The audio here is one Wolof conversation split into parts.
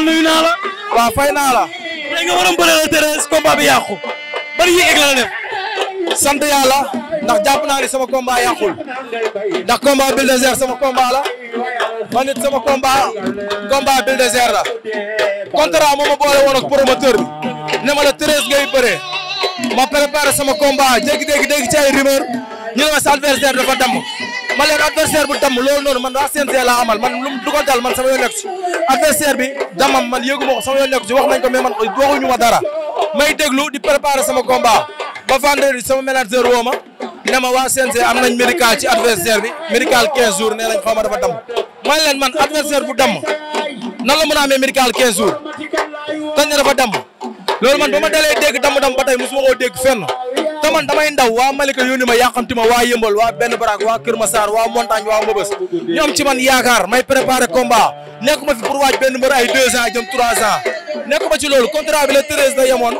Fall nuyu naa la. waaw fay la. tey nga waroon bëree la Thérèse combat bi yàqu. bari yéeg la la sant yàlla ndax jàpp naa ni sama combat yàqul ndax combat Bulldozer sama combat la man it sama combat combat Bulldozer la contrat moo ma boole woon promoteur bi ne ma la Thérèse ngay bëree ma préparé sama combat jékki-jékki dégg ci ay rumeur ñu ne ma sa adversaire dafa damm. man leen adversaire bu damm loolu noonu man waa CNG laa amal man lu dugal daal man sama yoon nekk adversaire bi damam man yëguma ko sama yoon nekk si wax nañ ko mais man waxuñu ma dara may déglu di préparer sama combat ba vendredi sama manager woo ne ma waa CNG am nañ médical ci adversaire bi médical 15 jours nee nañ xaw dafa damm man leen man adversaire bu damm nan la mën a amee médical 15 jours tañ ne dafa damm loolu te dama damay ndaw waa Malika yónni ma yàqamti ma waa Yëmbal waa Benn Baraak waa Kër waa Montagne waa Mbëbës ñoom ci man yaakaar may préparer combat nekk ma fi pour waaj benn mbër ay deux ans jëm trois ans nekk ma ci loolu contrat bi la treize la yemoon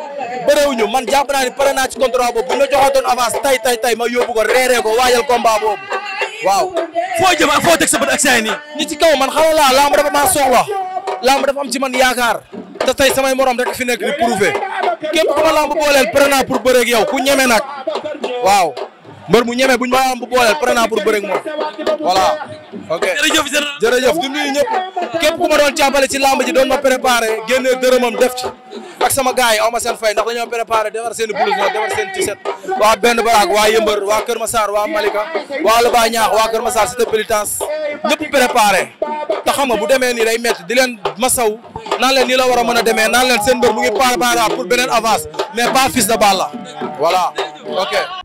bëréewuñu man jàpp naa ni pare naa ci contrat boobu bu ñu joxootoon avance tay tay tay ma yóbbu ko reeree ko waajal combat boobu waaw foo jëm ak foo teg sa bët ak saa nii ñi ci man xamal laa lamb dafa maa soxla lamb am ci man yaakaar te tay samay morom rek fi nekk di prouver képp ku ma lamb booleel pare pour bëreeg yow ku ñeme nag waaw mbër mu ñeme bu ñu ma lamb booleel pare naa pour bëreeg moom voilà. ok jërëjëf jërëjëf di nuyu ñëpp képp ku ma doon jàppale lamb ji doon ma préparé génnee dërëmam def ci ak sama gars aw ma seen fay ndax dañoo préparé defar seen blouse defar seen t-shirt waa benn baraag waa yëmbër waa Kër Massar waa Malika waa Luba Ñaax waa Kër Massar cité pénitence ñëpp préparé te xam nga bu demee nii day métti di leen masaw naan leen nii la war a mën a demee naan leen seen mbër mu ngi préparé pour beneen avance mais pas Fils de Balla voilà ok.